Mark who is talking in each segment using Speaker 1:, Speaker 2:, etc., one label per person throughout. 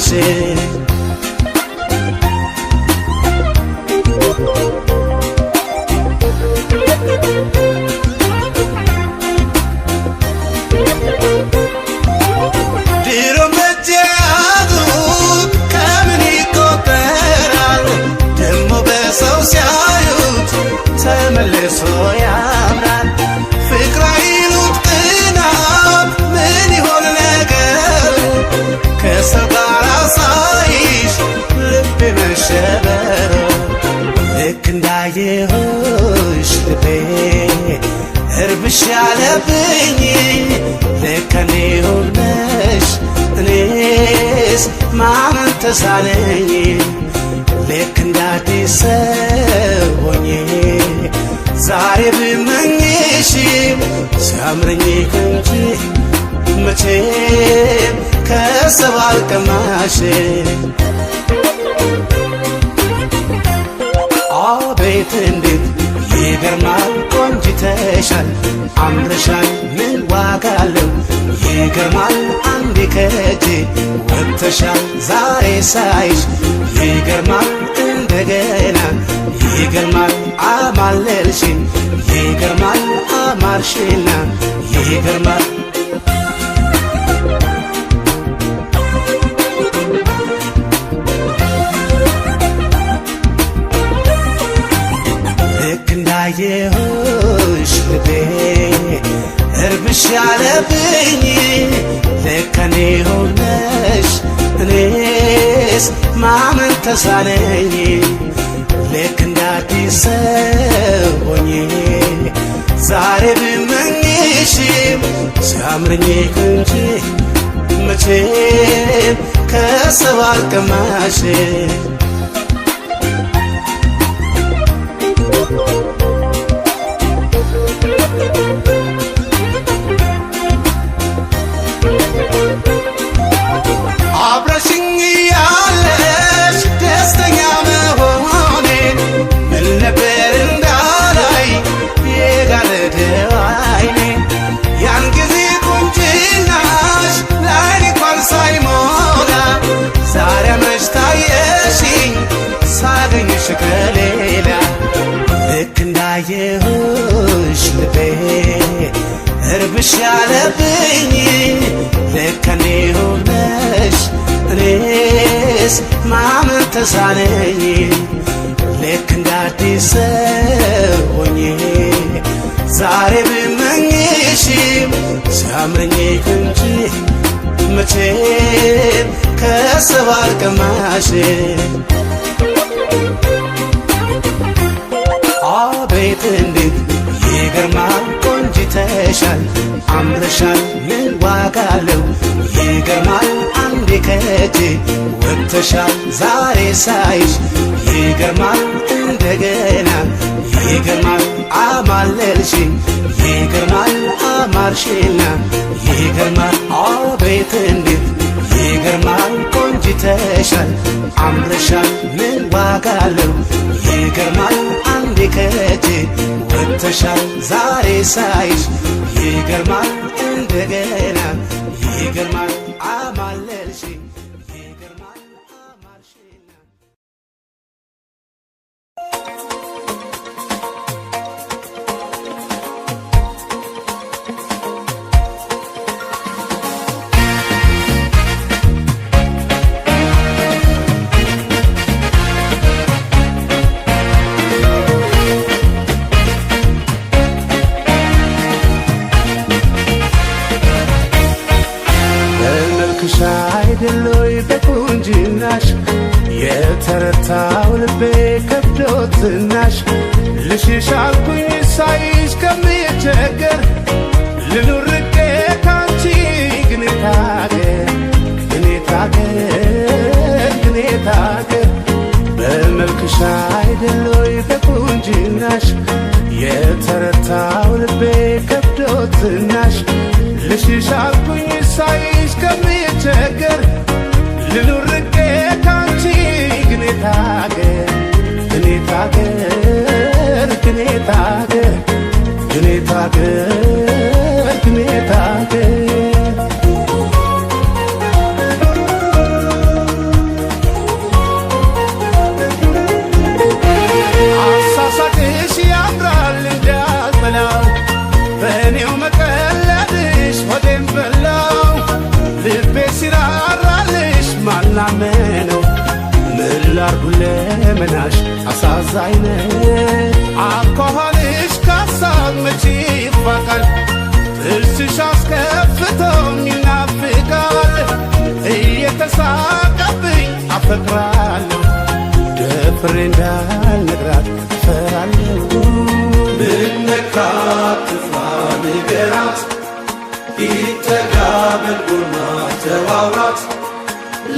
Speaker 1: rising ሲያለብኝ ለከኔ ውብነሽ እኔስ ማመን ተሳለኝ ልክ እንዳዲስ ሰው ሆኜ ዛሬ ብመኝሽ ሲያምረኝ እንጂ መቼም ከሰው አልቀማሽ አቤት እንዴት ይገርማል ቆንጅተሻል፣ አምረሻል፣ ምን ዋጋ አለው ይገርማል አንዴ ከእጄ ወጥተሻል ዛሬ ሳይሽ ይገርማል እንደገና ይገርማል አማለልሽን ይገርማል አማርሽና ይገርማል ያለብኝ ለከኔ ሆነሽ እኔስ ማመን ተሳነኝ። ልክ እንዳዲስ ሰው ሆኜ ዛሬ ብመኝሽም ሲያምርኝ እንጂ መቼም ከሰው አልቀማሽ ተሳለኝ ልክ እንደ አዲስ ሆኜ ዛሬ ብመኝሽ ሲያምረኝ እንጂ መቼም ከሰው አልቀማሽ አቤት እንዴት ይገርማል ቆንጅተሻል አምረሻል ምን ዋጋ አለው ይገርማል ከእጄ ወጥተሻል ዛሬ ሳይሽ ይገርማል እንደገና ይገርማል አማለልሽ ይገርማል አማርሽና ይገርማል አቤት እንዴት ይገርማል ቆንጅተሻል አምረሻል ምን ዋጋ አለው ይገርማል አንዴ ከእጄ ወጥተሻል ዛሬ ሳይሽ ይገርማል እንደገና ይገርማል የተረታው ልቤ ከብዶት ናሽ ልሽሻልኩኝ ሳ አዛኝ አኳኋንሽ መቼ ይፋቃል ጥርስሽ አስከፍተው ይናፍቃል እየተሳቀብኝ አፈቅራለሁ ደፍሬ እንዳልነግራት ፈራለሁ
Speaker 2: ብነካ ትፍራ ንገራት ይተጋበል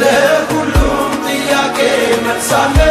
Speaker 2: ለሁሉም ጥያቄ መልሳለሁ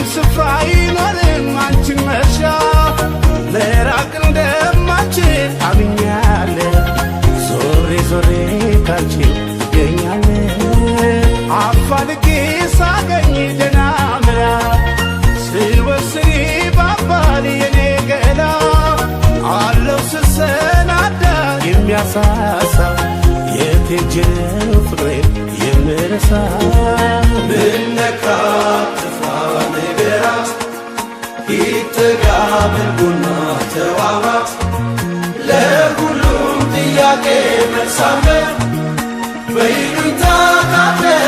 Speaker 1: የትም ስፍራ አይኖርም አንቺን መሻ ለራቅ እንደማችል አምኛለ ዞሬ ዞሬ ካንቺ ይገኛለ አፋልጌ ሳገኝ ደናምራ ስወስሪ ባባል የኔ ገላ አለው ስሰናዳ የሚያሳሳ የቴጀ ፍሬ የምረሳ
Speaker 2: ብነካ ይተጋ ብልቡና ተዋዋት ለሁሉም ጥያቄ መልሳለ በይሉኝታ ካለ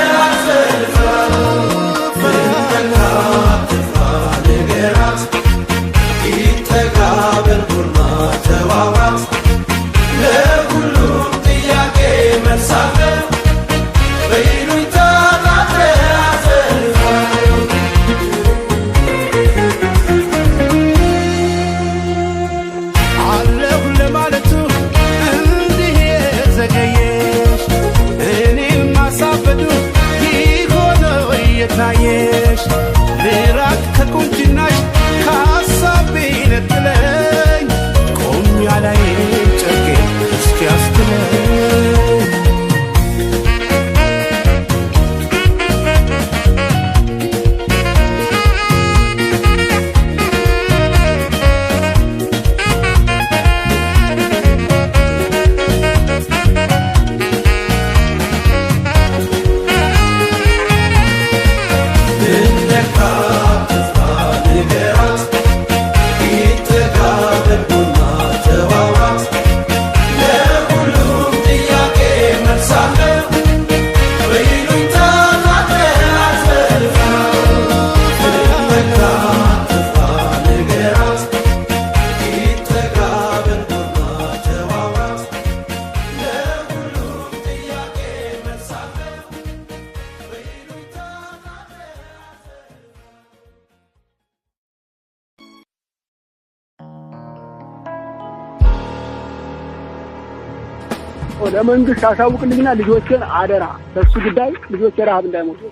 Speaker 3: ለመንግስት አሳውቅልኝና ልጆችን አደራ በሱ ጉዳይ ልጆች ረሀብ እንዳይሞቱ።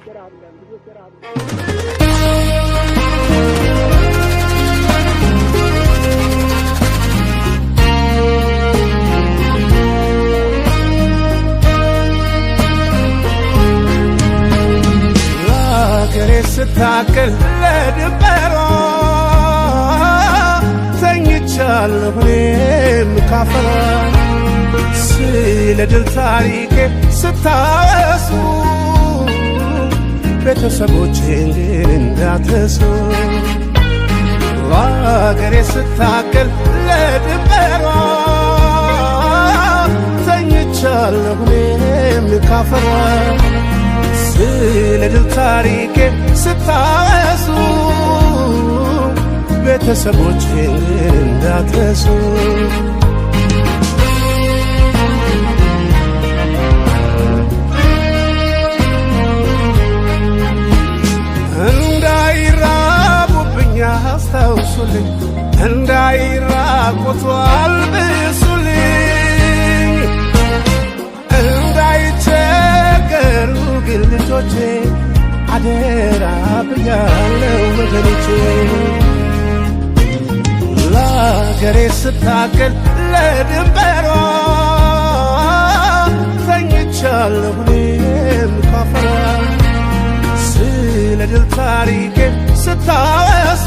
Speaker 1: ሀገሬ ስታክል ለድንበሯ ተኝቻለሁ እኔም ካፈራ ስለ ድል ታሪኬ ስታወሱ ቤተሰቦቼን ግን እንዳትረሱ አገሬ ስታገል ለድንበሯ ተኝቻለሁ እኔም ካፈሯ ስለ ድል ታሪኬ ስታወሱ ቤተሰቦቼን እንዳትረሱ አስታውሱልኝ እንዳይራቆቱ አልብሱልኝ እንዳይቸገሩ ግን ልጆቼ አደራ ብያለው ወገኖቼ ለአገሬ ስታገል ለድንበሯ ተኝቻለሁ እኔም ካፈራ ስለ ድል ታሪኬን ስታወሱ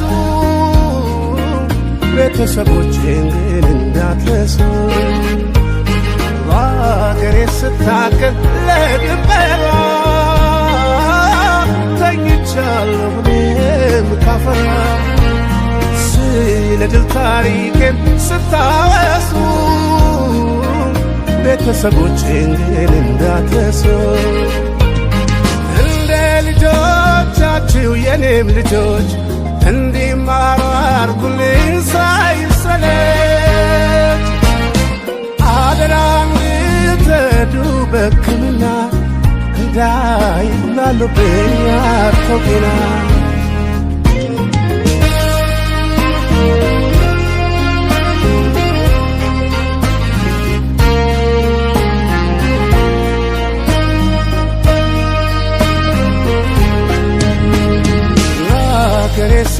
Speaker 1: ቤተሰቦቼን ግን እንዳትረሱ ባገሬ ስታክል ለድንበሯ ተኝቻለሁ እኔም ካፈራ ስለ ድል ታሪኬን ስታወሱ ቤተሰቦቼን ግን እንዳትረሱ ያላችሁ የኔም ልጆች እንዲማሩ አርጉልኝ ሳይሰለች አደራ ልትሄዱ በክምና እንዳይላሉብኝ አቶጌና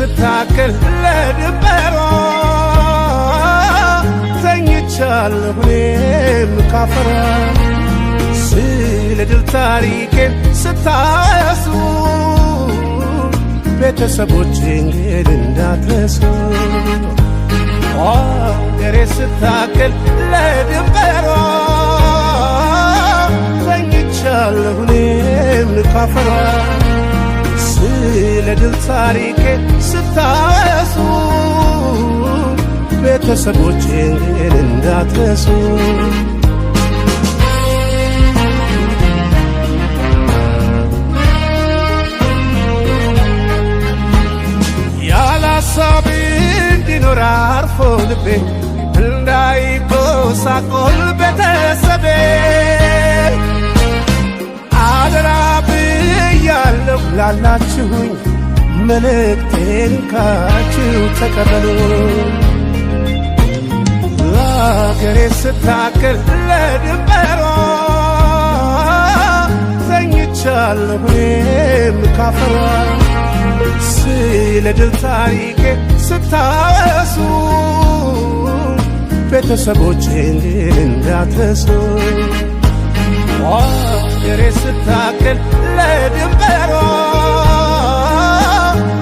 Speaker 1: ስታክል ለድንበሯ ተኝቻለሁ እኔም ካፈራ ስለ ድል ታሪኬን ስታሱ ቤተሰቦቼን ግን እንዳትረሱ ገሬ ስታክል ለድንበሯ ተኝቻለሁ እኔም ካፈራ ለድል ታሪኬ ስታወሱ ቤተሰቦቼን እንዳትረሱ። ያለ ሀሳብ እንዲኖር አርፎ ልቤ እንዳይጎሳቆል ቤተሰቤ አደራ አለው ላላችሁኝ መልእክቴን ካችሁ ተቀበሉ። ለአገሬ ስታክል ለድንበሯ ተኝቻለሁ እኔም ካፈሯ ስለ ድል ታሪኬ ስታወሱ ቤተሰቦቼን እንዳትረሱ አየሬ ስታክል ለድንበሮ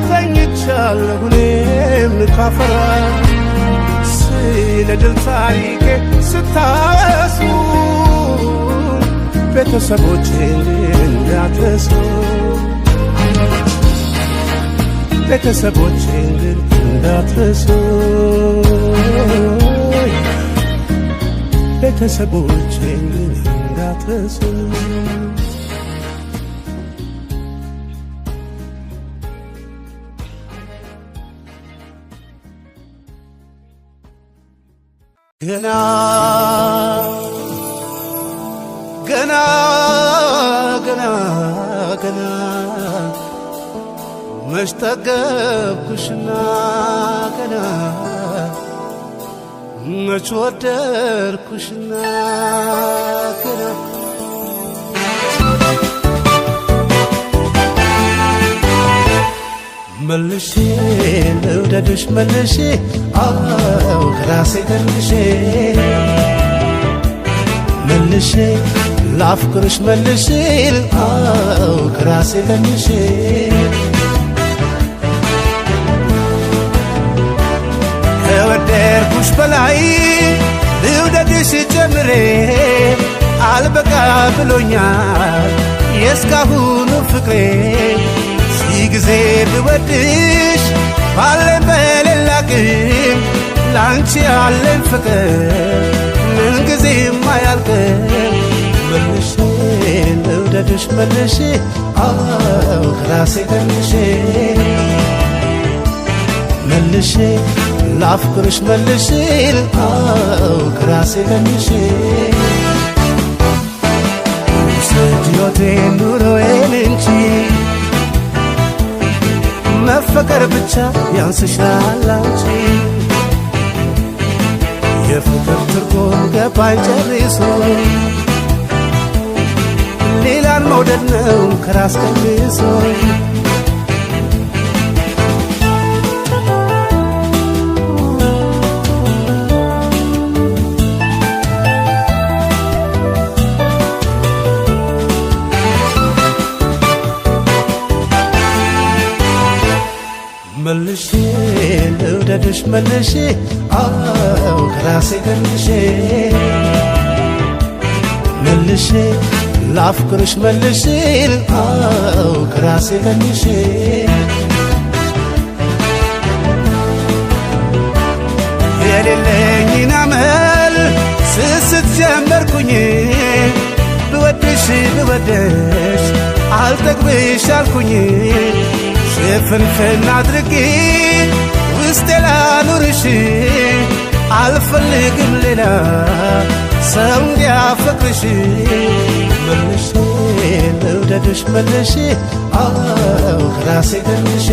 Speaker 1: ተኝቻለሁ እኔም ንካፈራ ስለ ድል ታሪኬ ስታወሱ ቤተሰቦቼ እንዳትረሱ ቤተሰቦቼ እንዳትረሱ ቤተሰቦቼ እንዳትረሱ ገና ገና ገና ገና መሽጠገብኩሽና ገና መች ወደድኩሽና ከዳ መልሼ ልውደድሽ መልሼ አው ከራሴ ደርሼ መልሼ ላፍቅርሽ መልሼ አው ከራሴ ደርሼ ከወደድኩሽ በላይ ልውደድሽ ጀምሬ አልበቃ ብሎኛል የእስካሁኑ ፍቅሬ ሺህ ጊዜ ብወድሽ ባለን በሌላ ግን ላንቺ ያለን ፍቅር ምን ጊዜም አያልቅም። መልሽ ልውደድሽ መልሽ አው ከራሴ መልሼ መልሽ ላፍቅርሽ መልሽል ክራሴ ከራሴ ቀንሽ ስድዮቴ ኑሮዬን እንጂ መፈቀር ብቻ ያንስሻል አንቺ የፍቅር ትርጉም ገባኝ ጨርሶ ሌላን መውደድ ነው ከራስ ቀንሶ ከፍቅርሽ መልሼ አው ከራሴ ገንሼ መልሼ ላፍቅርሽ መልሼ አው ከራሴ ገንሼ የሌለኝን አመል ስስት ጀመርኩኝ ብወድሽ ብወደሽ አልጠግብሽ አልኩኝ ሽፍንፍን አድርጌ ትዕግስቴ ኑርሽ አልፈልግም ሌላ ሰው እንዲያፈቅርሽ መልሼ ልውደድሽ መልሼ አው ከራሴ ገልሼ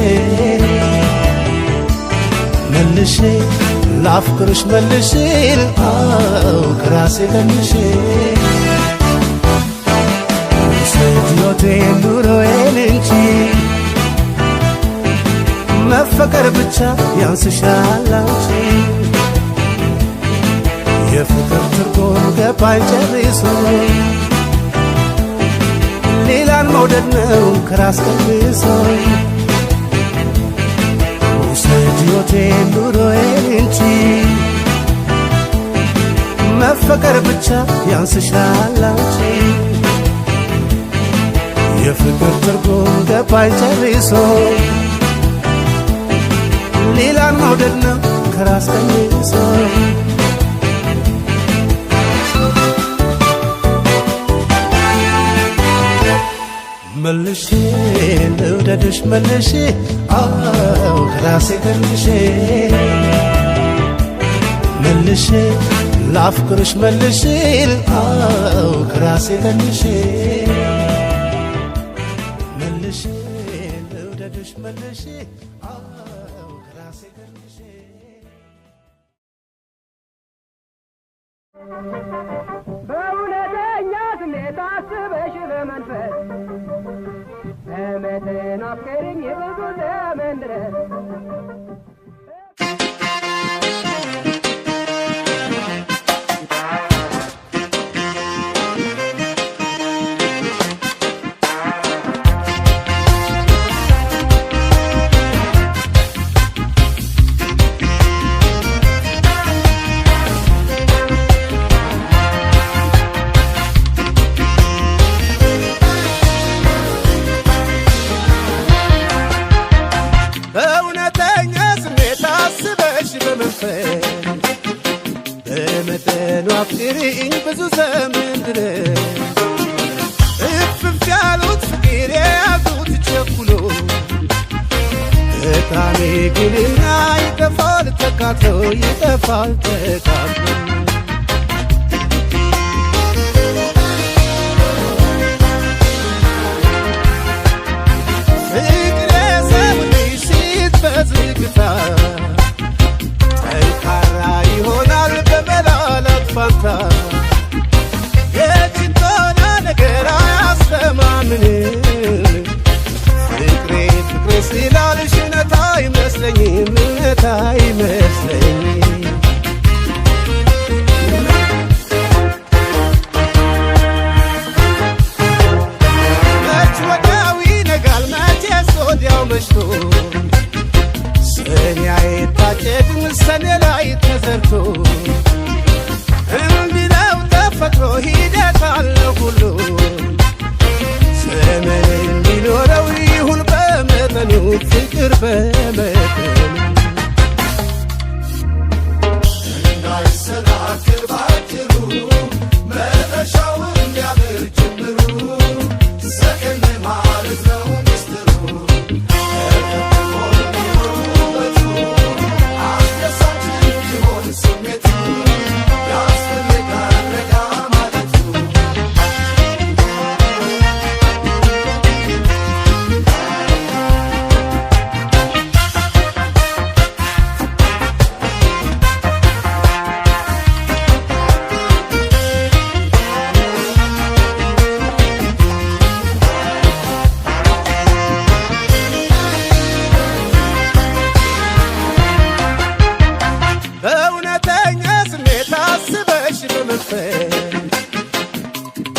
Speaker 1: መልሼ ላፍቅርሽ መልሼ አው ከራሴ ገልሼ ሴት ኑሮዬን እንጂ መፈቀር ብቻ ያንስሻል አንቺ የፍቅር ትርጉም ገባኝ ጨርሶ ሌላን መውደድ ነው ከራስ ቀንሶ ውሰጂዎቴን ኑሮዬን እንጂ መፈቀር ብቻ ያንስሻል አንቺ የፍቅር ትርጉም ገባኝ ጨርሶ ሌላን መውደድ ነው ከራስ ቀንሶ መልሼ ልውደድሽ መልሼ አዎ ከራሴ ቀንሼ መልሼ ላፍቅርሽ መልሼ ከራሴ
Speaker 4: halde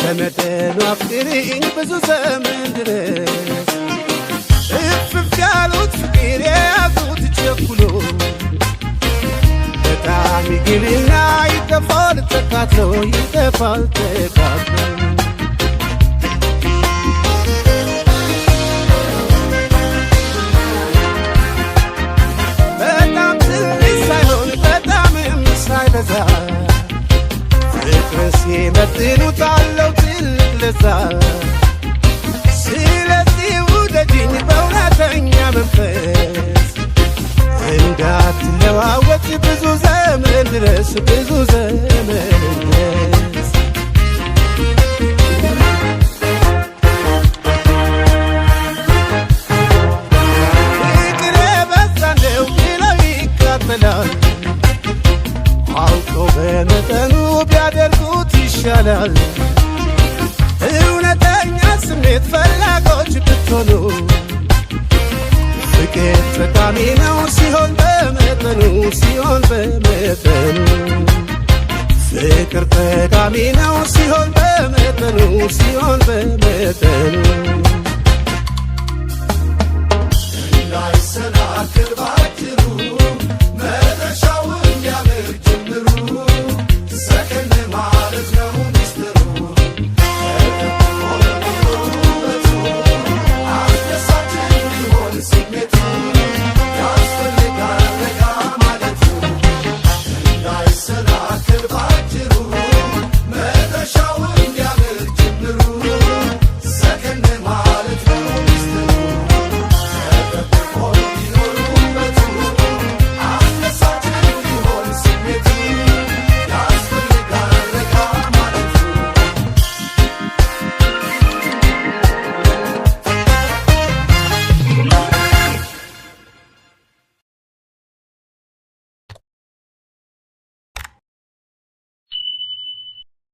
Speaker 4: በመጠኑ አፍቅሪኝ ብዙ ዘመን ድረስ እፍፍ ያሉት ፍቅር የያዙት ቸኩሎ በጣም ይግልና ይጠፋል ተካትሎ ይጠፋል ተካትሎ ይመጥኑታለው ትልልሳ ስለዚህ ውደጂኝ በእውነተኛ መንፈስ እንዳትለዋወጭ ብዙ ዘመን ድረስ ብዙ ዘመን